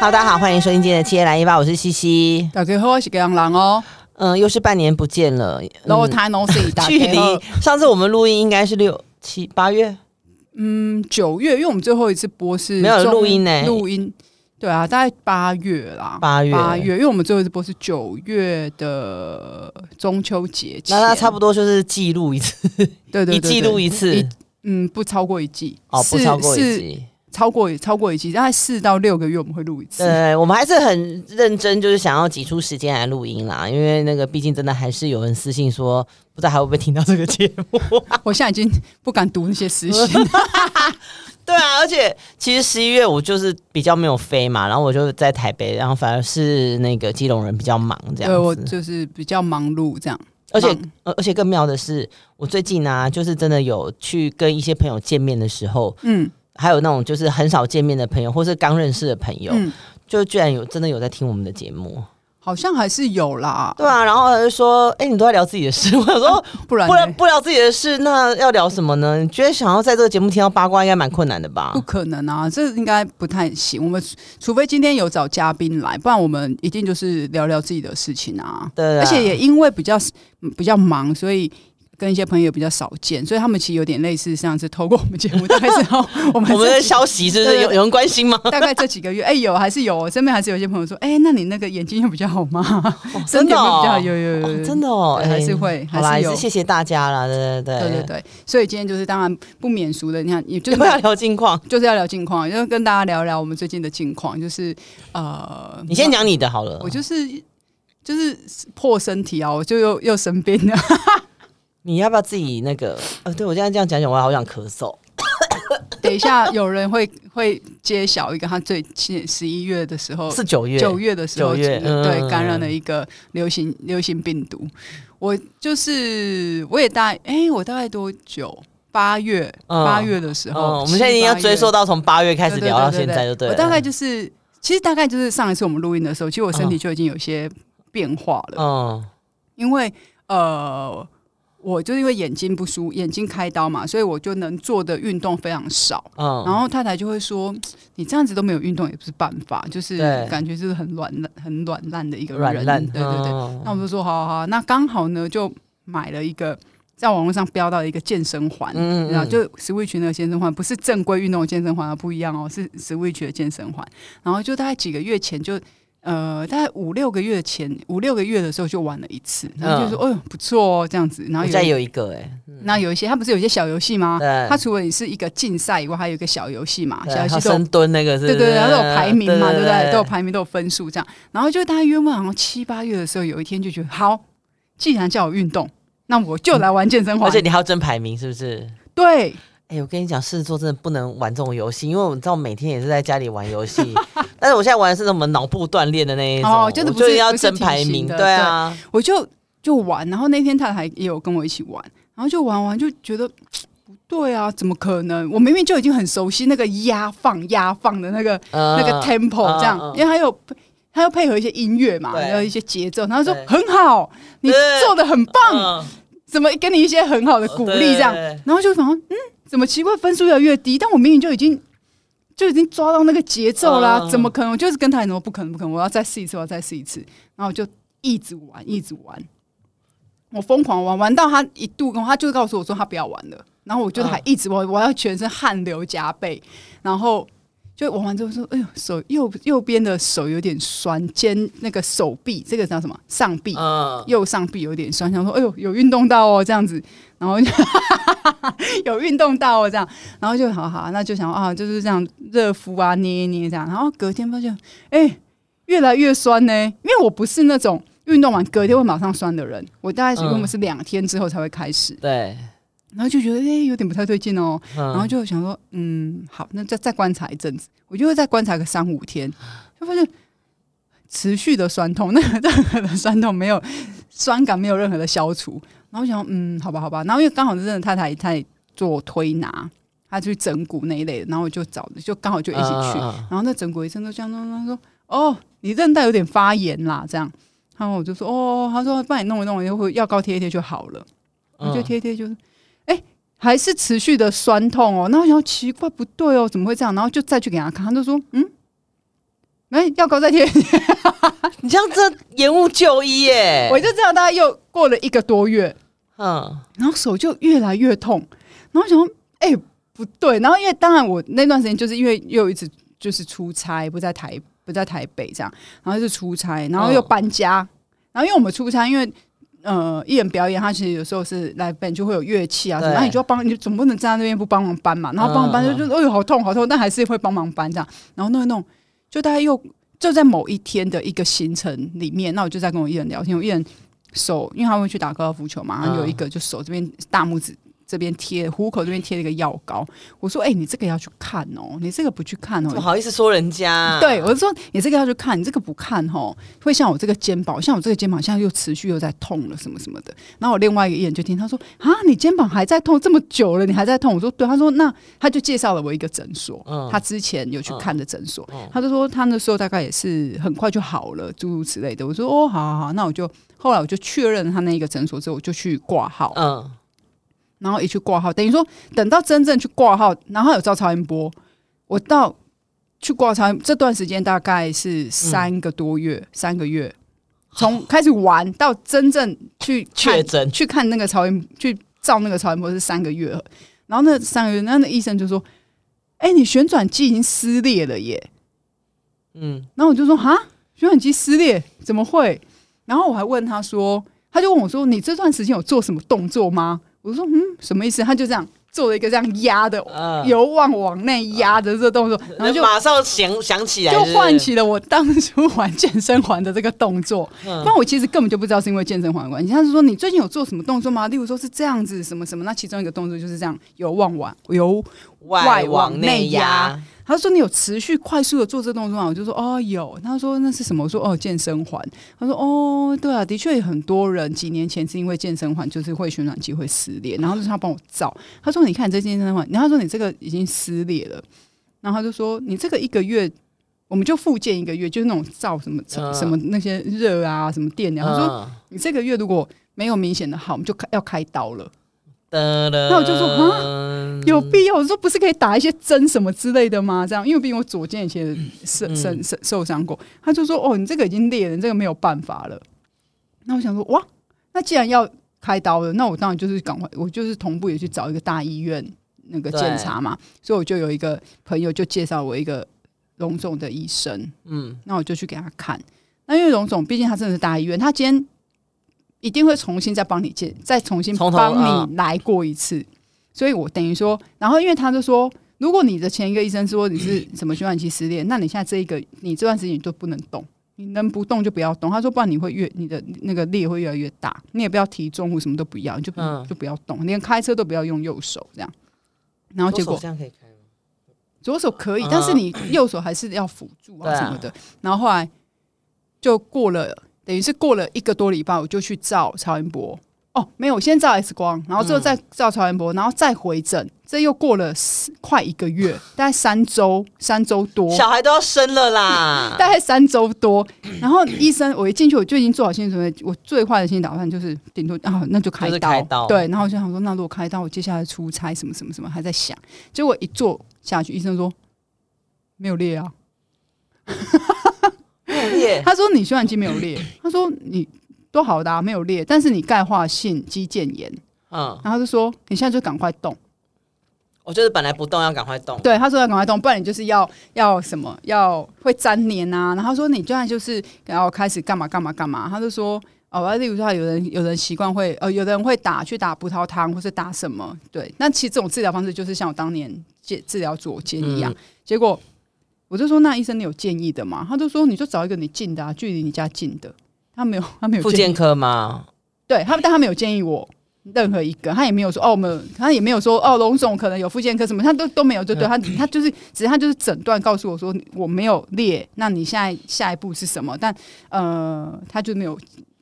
好，大家好，歡迎收聽今天的七月來一八，我是西西。大家好，我是基隆郎哦。嗯、呃，又是半年不見了。嗯、然他，太農是距離上次我們錄音應該是六七八月，嗯，九月，因為我們最後一次播是沒有，有錄音呢。錄音對啊，大概八月啦，八月八月，因為我們最後一次播是九月的中秋節前，那他差不多就是記錄一次，對對、對、對、對， 一記錄一次一一，嗯，不超過一季，哦，不超過一季。超過超過一期，大概四到六個月我們會錄一次。對對對，我們還是很認真，就是想要擠出時間來錄音啦。因為那個畢竟真的還是有人私信說，不知道還會不會聽到這個節目。 我現在已經不敢讀那些私信了。 對啊，而且其實十一月我就是比較沒有飛嘛，然後我就在台北，然後反而是那個基隆人比較忙這樣，對我就是比較忙碌這樣。而且而且更妙的是，我最近呢，啊，就是真的有去跟一些朋友見面的時候，嗯。還有那種就是很少見面的朋友，或是剛認識的朋友，嗯、就居然有真的有在聽我們的節目，好像還是有啦。對啊，然後他就說：“哎、欸，你都在聊自己的事。 我想”我、啊、說：“不然，不然不聊自己的事，那要聊什麼呢？你覺得想要在這個節目聽到八卦，應該蠻困難的吧？”不可能啊，這應該不太行。我們除非今天有找嘉賓來，不然我們一定就是聊聊自己的事情啊。對啊，而且也因為比較比較忙，所以。跟一些朋友比較少見，所以他們其實有點類似像是透過我們節目， 大概知道、喔、我們我們的消息，是不是有有人關心嗎？ 大概這幾個月，哎、欸，有還是有，身邊還是有些朋友說，哎、欸，那你那個眼睛又比較好嗎？真的有有有真的哦，好有有有有真的哦，還是會、欸、還是，有也是謝謝大家啦，對對，對對對對對。所以今天就是當然不免俗的，你看，你就是要聊近況，就是要聊近況，就跟大家聊聊我們最近的近況，就是呃，你先講你的好了，我就是就是破身體啊、喔，我就又又生病了。 你要不要自己那個？呃、啊，對我現在這樣講講，我好想咳嗽。等一下，有人會會揭曉一個他最近十一月的時候，是九月九月的時候，就是、對、嗯，感染了一個流行流行病毒。我就是我也大哎、欸，我大概多久？八月八、嗯、月的時候，嗯嗯、我們現在一定要追溯到從八月開始、嗯、聊到現在就對了。我大概就是、嗯，其實大概就是上一次我們錄音的時候，其實我身體就已經有些變化了。嗯、因為呃。我就是因為眼睛不舒服，眼睛開刀嘛，所以我就能做的運動非常少、嗯。然後太太就會說：“你這樣子都沒有運動也不是辦法，就是感覺就是很軟爛、很軟爛的一個人。”軟爛，對對對、嗯。那我就說：“好好好，那剛好呢，就買了一個在網絡上標到一個健身環，然、嗯、後、嗯、就 switch 那個健身環，不是正規運動健身環啊，不一樣哦，是 switch 的健身環。然後就大概幾個月前就。”呃，大概五六個月前，五六個月的時候就玩了一次，然後就說：“哦、嗯哎，不錯哦，這樣子。”然後有再有一個哎、欸，那、嗯、有一些他不是有一些小遊戲嗎？他除了你是一個競賽以外，還有一個小遊戲嘛，小遊戲深蹲那個是不是，對對對，都有排名嘛，對不對，對，對，對，對？都有排名，都有分數這樣。然後就大概約嘛，好像七八月的時候，有一天就覺得好，既然叫我運動，那我就來玩健身環、嗯。而且你還要爭排名，是不是？對。哎、欸，我跟你講，獅子座真的不能玩這種遊戲，因為我知道我每天也是在家裡玩遊戲。 但是我現在玩的是什麼腦部鍛鍊的那一種，就、哦、是要爭排名的，對啊，對我就就玩。然後那天他還也有跟我一起玩，然後就玩完就覺得不對啊，怎麼可能？我明明就已經很熟悉那個壓放壓放的那個、嗯、那個 tempo 這樣，嗯嗯、因為還有他要配合一些音樂嘛，然後一些節奏。然後說很好，你做的很棒、嗯，怎麼給你一些很好的鼓勵這樣？然後就想嗯。怎麼奇怪？分數越來越低，但我明明就已經就已經抓到那個節奏啦、啊。Uh. 怎麼可能？我就是跟他，我說不可能，不可能，我要再試一次，我要再試一次。然後就一直玩，一直玩，我瘋狂玩，玩到他一度，他就告訴我說他不要玩了。然後我就還一直玩，uh. 我要全身汗流浹背，然後就玩完之後說：“哎呦，手右右邊的手有點酸，肩那個手臂，這個叫什麼上臂？Uh. 右上臂有點酸，想說哎呦，有運動到哦，這樣子。”然後就哈，有運動到哦，這樣，然後就好好，那就想啊，就是這樣熱敷啊，捏一捏這樣，然後隔天發現哎，越來越酸呢？因為我不是那種運動完隔天會馬上酸的人，我大概是用的是兩天之後才會開始。對。然後就覺得哎、欸、有點不太對勁哦，然後就想說嗯好，那再再觀察一陣子，我就會再觀察個三五天，就發現持續的酸痛，那個任何的酸痛沒有酸感，沒有任何的消除。然後我想，嗯，好吧，好吧。然後因為剛好是認識的太太在做推拿，她去整骨那一類的。然後我就找，就剛好就一起去。啊、然後那整骨醫生都這樣，他說：“哦，你韌帶有點發炎啦。”這樣，然後我就說：“哦。”他說：“幫你弄一弄，然後藥膏貼一貼就好了。”我就貼貼，就是，哎、嗯欸，還是持續的酸痛哦。然後我想奇怪，不對哦，怎麼會這樣？然後就再去給他看，他就說：“嗯。”哎，藥膏再貼，你這樣真的延誤就醫耶！我就知道大概又過了一個多月，嗯，然後手就越來越痛，然後我想說，哎，不對，然後因為當然我那段時間就是因為又一直就是出差不在台不在台北這樣，然後就出差，然後又搬家，然後因為我們出差，因為呃藝人表演，他其實有時候是 Live Band 就會有樂器啊，那、啊、你就要幫，你總不能站在那邊不幫忙搬嘛，然後幫忙搬就就哎呦好痛好痛，但還是會幫忙搬這樣，然後弄一弄。就大概又就在某一天的一個行程裡面，那我就在跟我藝人聊天，我藝人手，因為他會去打高爾夫球嘛，然、嗯、後有一個就手這邊大拇指。這邊貼虎口，這邊貼了一個藥膏。我說：“哎、欸，你這個要去看哦、喔，你這個不去看哦、喔，怎麼好意思說人家、啊？”對，我是說你這個要去看，你這個不看哈、喔，會像我這個肩膀，像我這個肩膀現在又持續又在痛了什麼什麼的。然後我另外一個藝人就聽他說：“啊，你肩膀還在痛這麼久了，你還在痛。”我說：“對。”他說：“那他就介紹了我一個診所、嗯，他之前有去看的診所、嗯，他就說他那時候大概也是很快就好了，諸如此類的。”我說：“哦，好，好，好，那我就後來我就確認他那一個診所之後，我就去掛號。”嗯。然後也去掛號，等於說等到真正去掛號，然後有照超音波。我到去掛超音波，這段時間大概是三個多月，嗯、三個月。從開始玩到真正去確診，去看那個超音，去照那個超音波是三個月。然後那三個月，那那醫生就說：“哎、欸，你旋轉肌已經撕裂了耶。”嗯，然後我就說：“哈，旋轉肌撕裂怎麼會？”然後我還問他說：“他就問我說，你這段時間有做什麼動作嗎？”我說嗯，什麼意思？他就這樣做了一個這樣壓的，由、嗯、外往內壓的這個動作，嗯、然後就馬上想想起來是是，就喚起了我當初玩健身環的這個動作。那、嗯、我其實根本就不知道是因為健身環關係，他是說你最近有做什麼動作嗎？例如說是這樣子什麼什麼，那其中一個動作就是這樣由外往由。外往內壓，他說你有持續快速的做這動作嗎？我就說哦有。他說那是什麼？我說哦健身環。他說哦對啊，的確很多人幾年前是因為健身環，就是會旋轉機會撕裂，然後就是他幫我照，他說你看這健身環，然後他說你這個已經撕裂了，然後他就說你這個一個月我們就復健一個月，就是那種照什麼什麼那些熱啊什麼電啊，嗯。他說你這個月如果沒有明顯的好，我們就開要開刀了。噠噠那我就說啊，有必要？我說不是可以打一些針什麼之類的嗎？這樣，因為畢竟我左肩以前受受受傷過、嗯，他就說哦，你這個已經裂了，你這個沒有辦法了、嗯。那我想說哇，那既然要開刀了，那我當然就是趕快，我就是同步也去找一個大醫院那個檢查嘛。所以我就有一個朋友就介紹我一個榮總的醫生，嗯，那我就去給他看。那因為榮總畢竟他真的是大醫院，他今天。一定會重新再幫你建，再重新幫你來過一次。嗯、所以，我等於說，然後因為他就說，如果你的前一個醫生說你是什麼血管期撕裂， 那你現在這一個，你這段時間你就不能動，你能不動就不要動。他說，不然你會越你的那個裂會越來越大。你也不要提重物，什麼都不要，你就、嗯、就不要動，連開車都不要用右手這樣。然後結果左手這樣可以開嗎？,左手可以、嗯，但是你右手還是要輔助啊什麼的、啊。然後後來就過了。等於是過了一個多禮拜，我就去照超音波。哦，沒有，我先照 X 光，然後之後再照超音波，然後再回診。這又過了快一個月，大概三周，三周多。小孩都要生了啦，大概三周多。然後醫生，我一進去我就已經做好心理準備。我最壞的心理打算就是頂多啊，那就開刀。就是、開刀對。然後我就想說，那如果開刀，我接下來出差什麼什麼什麼還在想。結果一坐下去，醫生說沒有裂啊。 他說：“你雖然肌沒有裂，他說你多好的啊，沒有裂，但是你鈣化性肌腱炎，嗯，然後就說你現在就趕快動。我就是本來不動，要趕快動。對，他說要趕快動，不然你就是要要什麼要會粘連啊。然後他說你現在就是要開始幹嘛幹嘛幹嘛。他就說哦，例如說有人有人習慣會呃，有的人會打去打葡萄糖或者打什麼，對。那其實這種治療方式就是像我當年治治療左肩一樣，結果。”我就說那醫生你有建議的嗎？他就說你就找一個你近的，啊，距離你家近的。他沒有，他沒有建議。復健科嗎？對他，但他沒有建議我任何一個，他也沒有說哦，我們他也沒有說哦，龍總可能有復健科什麼，他都都沒有。就對、嗯、他，他就是，只是他就是診斷告訴我說我沒有裂，那你現在下一步是什麼？但呃，他就沒有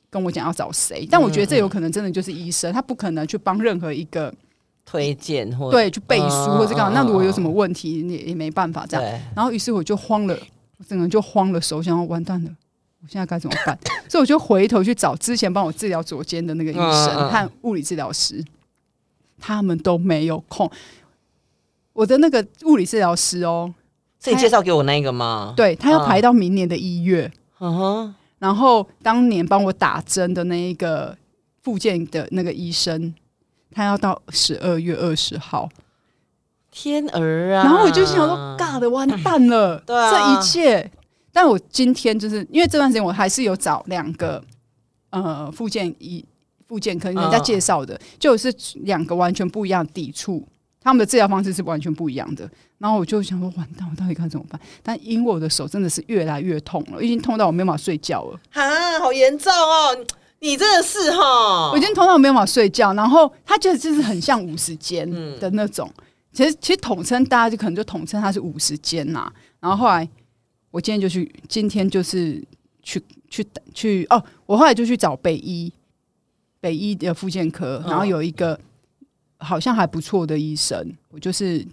跟我講要找誰。但我覺得這有可能真的就是醫生，他不可能去幫任何一個。推薦或對去背書或者這樣。那如果有什麼問題也，也、嗯、也沒辦法這樣。然後，於是我就慌了，我整個人就慌了手，手想要完蛋了，我現在該怎麼辦？ 所以，我就回頭去找之前幫我治療左肩的那個醫生和物理治療師、嗯，他們都沒有空。我的那個物理治療師哦、喔，是你介紹給我那個嗎？他對他要排到明年的一月。嗯哼，然後當年幫我打針的那一個復健的那個醫生。他要到十二月二十號，天兒啊！然後我就想說：“尬的完蛋了，這一切。”但我今天就是因為這段時間，我還是有找兩個呃復健一復健科，可以人家介紹的，就是兩個完全不一樣的抵觸，他們的治療方式是完全不一樣的。然後我就想說：“完蛋，我到底該怎麼辦？”但因為我的手真的是越來越痛了，已經痛到我沒辦法睡覺了，哈，好嚴重哦。你真的是哈！我今天頭腦沒辦法睡覺，然後他就就是很像五十肩的那種，嗯、其實其實統稱大家就可能就統稱他是五十肩吶。然後後來我今天就去，今天就是去去去哦，我後來就去找北醫北醫的復健科，然後有一個好像還不錯的醫生，我就是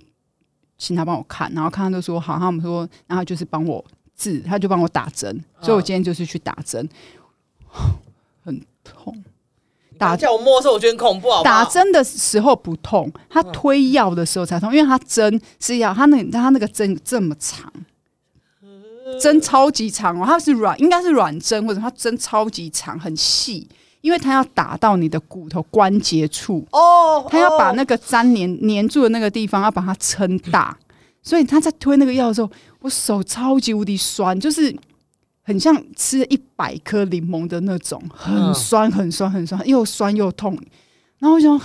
請他幫我看，然後看他就說好，他們說然後就是幫我治，他就幫我打針，所以我今天就是去打針。嗯很痛，打叫我摸手，我覺得恐怖，好不好。打針的時候不痛，他推藥的時候才痛，因為他針是要他那他那個針這麼長，針超級長哦，它是軟，應該是軟針或者它針超級長，很細，因為它要打到你的骨頭關節處哦，oh, oh. 它要把那個沾黏、黏住的那個地方要把它撐大， 所以他在推那個藥的時候，我手超級無敵酸，就是。很像吃一百顆檸檬的那種，很酸，很酸，很酸，很酸，又酸又痛。然後我想，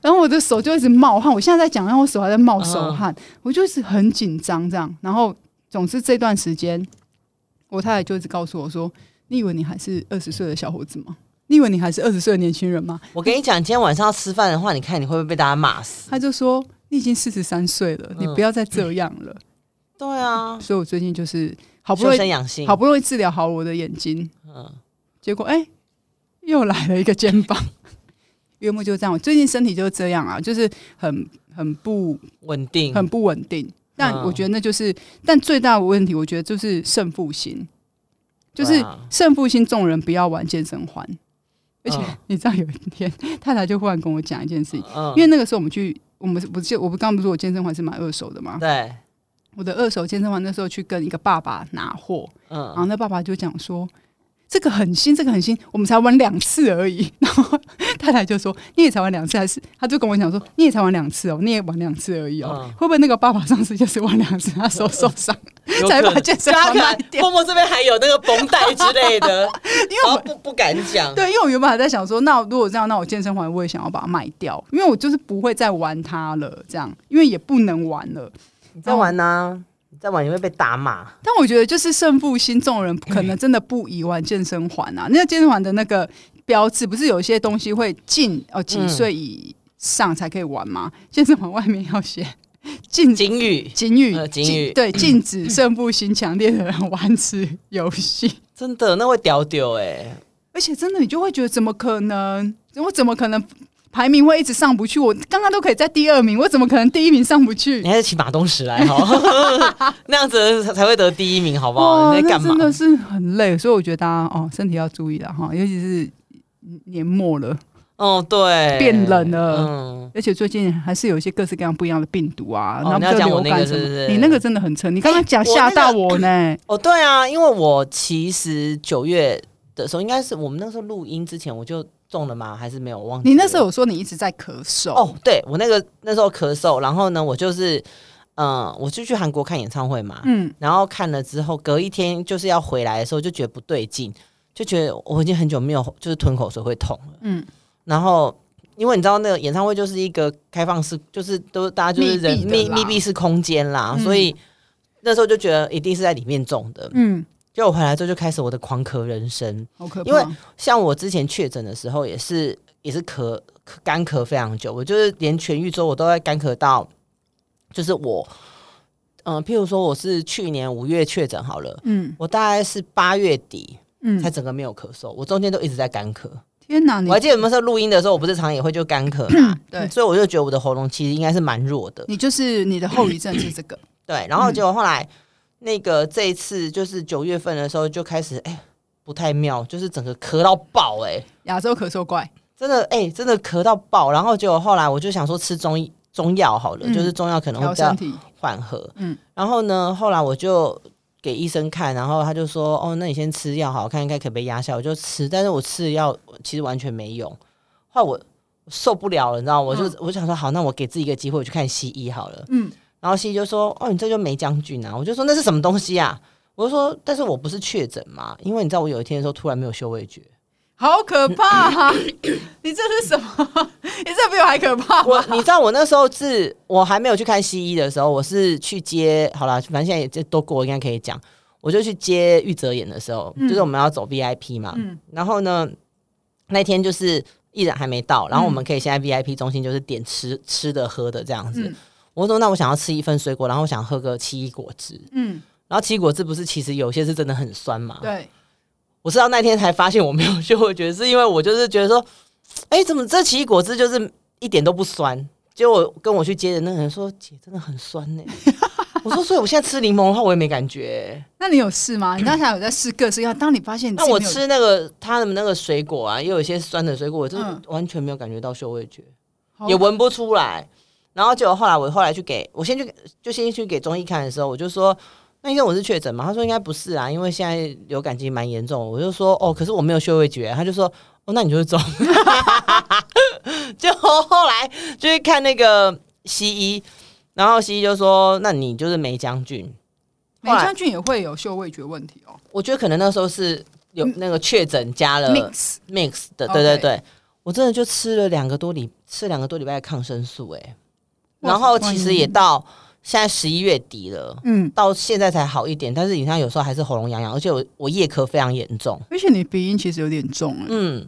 然後我的手就一直冒汗。我現在在講，然後我手還在冒手汗。我就是很緊張這樣。然後，總之這段時間，我太太就一直告訴我說：“你以為你還是二十歲的小夥子嗎？你以為你還是二十歲的年輕人嗎？”我跟你講，你今天晚上要吃飯的話，你看你會不會被大家罵死？他就說：“你已經四十三歲了，你不要再這樣了。”嗯，嗯對啊，所以我最近就是好不容易，好不容易治療好我的眼睛，嗯，結果哎、欸，又來了一個肩膀，原 本就是這樣。我最近身體就這樣啊，就是很很不穩定，很不穩定。但我覺得那就是，嗯、但最大的問題，我覺得就是勝負心，就是勝負心。眾人不要玩健身環、嗯，而且你知道有一天、嗯、太太就忽然跟我講一件事情、嗯，因為那個時候我們去，我們不是我剛不是說我健身環是買二手的嘛，對。我的二手健身環那時候去跟一個爸爸拿貨，嗯，然後那個爸爸就講說：“這個很新，這個很新，我們才玩兩次而已。”然後太太就說：“你也才玩兩次，還是？”他就跟我講說：“你也才玩兩次哦，你也玩兩次而已哦、嗯，會不會那個爸爸上次就是玩兩次，他手受傷、嗯，才把健身環賣掉？默默這邊還有那個繃帶之類的， 因為我、哦、不不敢講。對，因為我原本還在想說，那如果這樣，那我健身環我也想要把它賣掉，因為我就是不會再玩它了，這樣，因為也不能玩了。”你在玩呢？啊，哦、你在玩你會被打罵。但我覺得，就是勝負心重的人，可能真的不宜玩健身環啊。嗯、那個、健身環的那個標誌，不是有些東西會禁哦幾歲以上才可以玩嗎？嗯、健身環外面要寫、呃“禁”。禁語。禁語。禁，對，禁止勝負心強烈的人玩此遊戲。真的，那會屌屌哎。而且真的，你就會覺得怎，怎麼可能？我怎麼可能？排名會一直上不去，我剛剛都可以在第二名，我怎麼可能第一名上不去？你還是騎馬東石來好， 那樣子才會得第一名，好不好？那真的是很累，所以我覺得大家哦，身體要注意了哈，尤其是年末了，哦對，變冷了、嗯，而且最近還是有一些各式各樣不一樣的病毒啊，哦然後，哦、你要講我那個是對對對對對，你那個真的很沉，你剛剛講嚇到我呢、那個。哦，對啊，因為我其實九月的時候，應該是我們那時候錄音之前我就。中了嗎？還是沒有？忘記你那時候有說你一直在咳嗽哦，oh, 對我那個那時候咳嗽，然後呢，我就是嗯、呃，我就去韓國看演唱會嘛，嗯，然後看了之後，隔一天就是要回來的時候，就覺得不對勁，就覺得我已經很久沒有就是吞口水會痛了，嗯，然後因為你知道那個演唱會就是一個開放式，就是都大家就是人密密閉式空間啦、嗯，所以那時候就覺得一定是在裡面中的，嗯。就我回來之後就開始我的狂咳人生，好可怕！因為像我之前確診的時候也是，也是也是咳乾咳，咳非常久。我就是連痊癒之後，我都在乾咳，咳到，就是我嗯、呃，譬如說我是去年五月確診好了，嗯，我大概是八月底，嗯，才整個沒有咳嗽。嗯、我中間都一直在乾咳，咳。天哪！你我還記得有沒有時候錄音的時候，我不是常，常也會就乾咳嘛、啊。對，所以我就覺得我的喉嚨其實應該是蠻弱的。你就是你的後遺症是這個咳咳，對。然後結果後來、嗯。那個這一次就是九月份的時候就開始，哎、欸，不太妙，就是整個咳到爆、欸，哎，亞洲咳嗽怪，真的，哎、欸，真的咳到爆。然後就後來我就想說吃中中藥好了、嗯，就是中藥可能會比較緩和。嗯。然後呢，後來我就給醫生看，然後他就說，哦，那你先吃藥，好看應該可被壓下，我就吃。但是我吃藥其實完全沒用，後來我受不了了，你知道，我就、嗯、我想說，好，那我給自己一個機會，我去看西醫好了。嗯。然後西醫就說：“哦，你這就黴漿菌啊！”我就說：“那是什麼東西啊？”我就說：“但是我不是確診嘛？因為你知道，我有一天的時候突然沒有嗅味覺，好可怕！ 你這是什麼？ 你這比我還可怕。我你知道，我那時候是我還沒有去看西醫的時候，我是去接。好了，反正現在也都過，應該可以講。我就去接玉澤演的時候、嗯，就是我們要走 VIP 嘛。嗯、然後呢，那天就是藝人還沒到，然後我們可以先在 VIP 中心就是點吃吃的、喝的這樣子。嗯我說：“那我想要吃一份水果，然後我想喝個奇異果汁。嗯，然後奇異果汁不是其實有些是真的很酸嘛？對。我直到那天才發現我沒有嗅味覺，是因為我就是覺得說，哎，怎麼這奇異果汁就是一點都不酸？結果我跟我去接的那個人說，姐真的很酸呢、欸。 我說，所以我現在吃檸檬的話，我也沒感覺。 那你有試嗎？你剛才有在試各式藥？當你發現你，那我吃那個他的那個水果啊，也有一些酸的水果，我就是、完全沒有感覺到嗅味覺、嗯，也聞不出來。Okay. ”然後就後來我後來去給我先去就先去給中醫看的時候，我就說那因為我是確診嘛，他說，應該不是啊，因為現在流感其實蠻嚴重。我就說哦，可是我沒有嗅味覺、啊，他就說哦，那你就是中。 就後來就去看那個西醫，然後西醫就說那你就是黴漿菌，黴漿菌也會有嗅味覺問題哦。我覺得可能那時候是有那個確診加了 mix mix 的，Mixed. Mixed, 對，對對對，okay. 我真的就吃了兩個多禮吃兩個多禮拜的抗生素、欸，哎。然後其實也到現在十一月底了，嗯，到現在才好一點，但是你像有時候還是喉嚨癢癢，而且我我夜咳非常嚴重，而且你鼻音其實有點重、欸，嗯，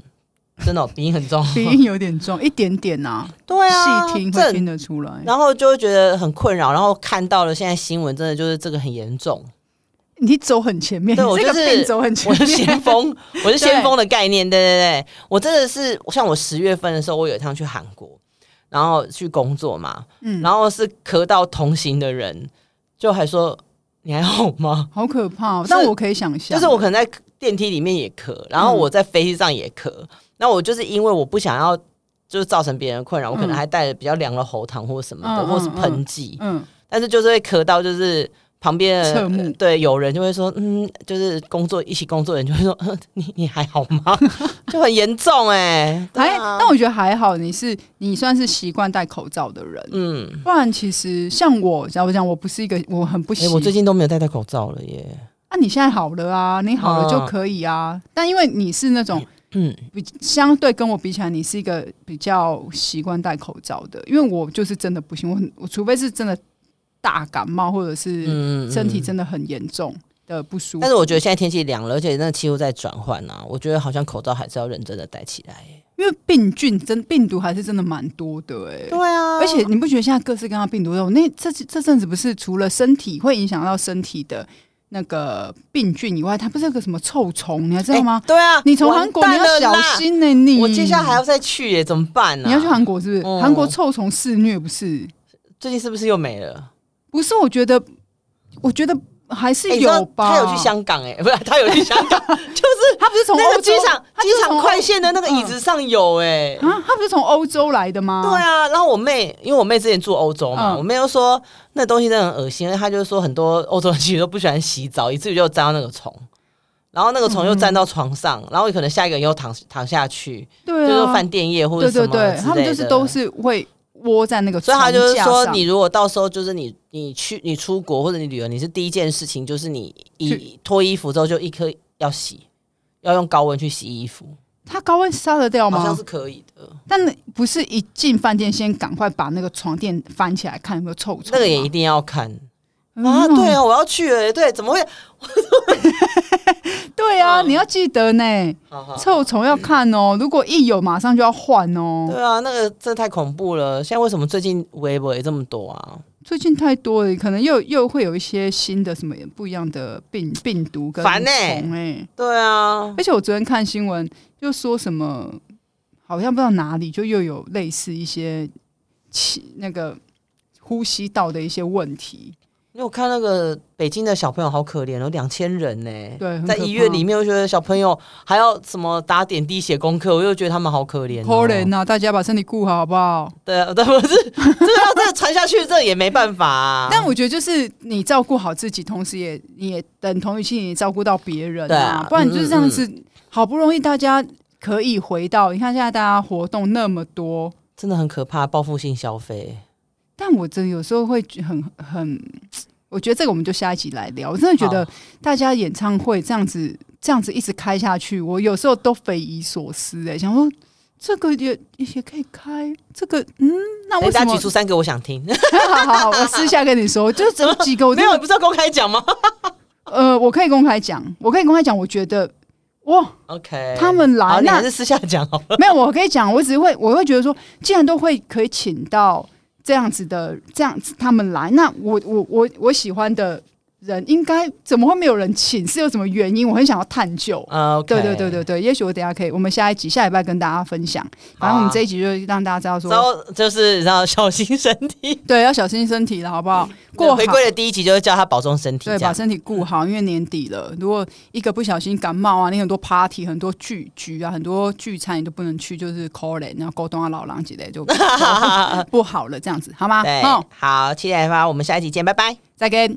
真的、哦、鼻音很重， 鼻音有點重，一點點吶、啊，對啊，細聽會聽得出來，然後就會覺得很困擾，然後看到了現在新聞，真的就是這個很嚴重，你走很前面，對，我就是走很前面，我是先鋒，我是先鋒的概念，對，對對對，我真的是，像我十月份的時候，我有一趟去韓國。然後去工作嘛、嗯，然後是咳到同行的人，就還說你還好嗎？好可怕、哦，但我可以想象，就是我可能在電梯裡面也咳，然後我在飛機上也咳，那、嗯、我就是因為我不想要，就是造成別人的困擾、嗯，我可能還帶着比較涼的喉糖或什麼的，嗯、或是噴劑、嗯嗯，但是就是會咳到就是。旁邊、呃、對，有人就會說，嗯，就是工作一起工作的人就會說，你你還好嗎？ 就很嚴重哎、欸對啊，但我覺得還好，你是你算是習慣戴口罩的人，嗯。不然其實像我，像我講，我不是一個我很不。哎、欸，我最近都沒有戴戴口罩了耶。那、啊、你現在好了啊？你好了就可以啊。嗯、但因為你是那種，嗯，比相對跟我比起來，你是一個比較習慣戴口罩的。因為我就是真的不行，我很我除非是真的。大感冒或者是身體真的很嚴重的不舒服，嗯嗯，但是我覺得現在天氣涼了，而且那氣候在轉換啊，我覺得好像口罩還是要認真的戴起來，因為病菌真病毒還是真的蠻多的哎。對啊，而且你不覺得現在各式各樣病毒，那這這陣子不是除了身體會影響到身體的那個病菌以外，它不是有個什麼臭蟲，你還知道嗎、欸？對啊，你從韓國你要小心呢，欸，你我接下來還要再去耶，怎麼辦呢，啊？你要去韓國是不是？韓、嗯、國臭蟲肆虐不是？最近是不是又沒了？不是，我覺得，我覺得還是有吧。欸、他有去香港哎、欸，不是，他有去香港， 就是他不是從那個機場機場快線的那個椅子上有哎、欸、啊，他不是從歐洲來的嗎？對啊，然後我妹因為我妹之前住歐洲嘛、嗯，我妹就說那東西真的很噁心，因為她就是說很多歐洲人其實都不喜歡洗澡，以至於就沾到那個蟲，然後那個蟲又沾到床上嗯嗯，然後可能下一個人又躺躺下去，對、啊，就是飯店業或者什麼對，對對對，他們就是都是會。窩在那個，所以他就是說，你如果到時候就是你，你去你出國或者你旅遊，你是第一件事情就是你一脫衣服之後就一顆要洗，要用高溫去洗衣服。它高溫殺得掉嗎？好像是可以的，但不是一進飯店先趕快把那個床墊翻起來看有沒有臭蟲，那個也一定要看。啊、嗯，對啊，我要去哎，對，怎麼會？麼會 對啊，啊，你要記得呢。臭蟲要看哦、喔，如果一有，馬上就要換哦、喔。對啊，那個真的太恐怖了。現在為什麼最近微博也這麼多啊？最近太多了，可能又又會有一些新的什麼不一樣的病病毒跟蟲呢、欸欸。對啊，而且我昨天看新聞又說什麼，好像不知道哪裡就又有類似一些氣那個呼吸道的一些問題。因為我看那個北京的小朋友好可憐、喔，哦、欸，兩千人呢，在醫院裡面，我覺得小朋友還要什麼打點滴、寫功課，我又覺得他們好可憐、喔。可憐吶、啊、大家把身體顧好，好不好？對、啊，對，不是這 要再傳下去，這也沒辦法、啊。但我覺得就是你照顧好自己，同時也你也等同於去你照顧到別人啊，對啊。不然你就是這樣子嗯嗯，好不容易大家可以回到，你看現在大家活動那麼多，真的很可怕，報復性消費。但我真有時候會很很，我覺得這個我們就下一集來聊。我真的覺得大家演唱會這樣子這樣子一直開下去，我有時候都匪夷所思哎、欸，想說這個也也可以開，這個嗯，那我我，家舉出三個我想聽。 好，好，好，我私下跟你說，就只有幾個我沒有，你不是要公開講嗎？ 呃，我可以公開講，我可以公開講，我覺得哇，OK，他們來，你還是私下講好了。沒有，我可以講，我只是會我會覺得說，既然都會可以請到。這樣子的，這樣子他們來，那我我我我喜歡的。人應該怎麼會沒有人請？是有什麼原因？我很想要探究。啊，對對對對對，也許我等一下可以，我們下一集下禮拜跟大家分享，啊。然後我們這一集就讓大家知道說，so, 就是要小心身體，對，要小心身體了，好不好？過好回歸的第一集就是叫他保重身體，對，把身體顧好，因為年底了，如果一個不小心感冒啊，你很多 party、很多聚聚啊，很多聚餐你都不能去，就是 call it, 你，然後溝通啊，老狼之類就、嗯、 不好了，這樣子好嗎？好，好，期待吧。我們下一集見，拜拜，再見。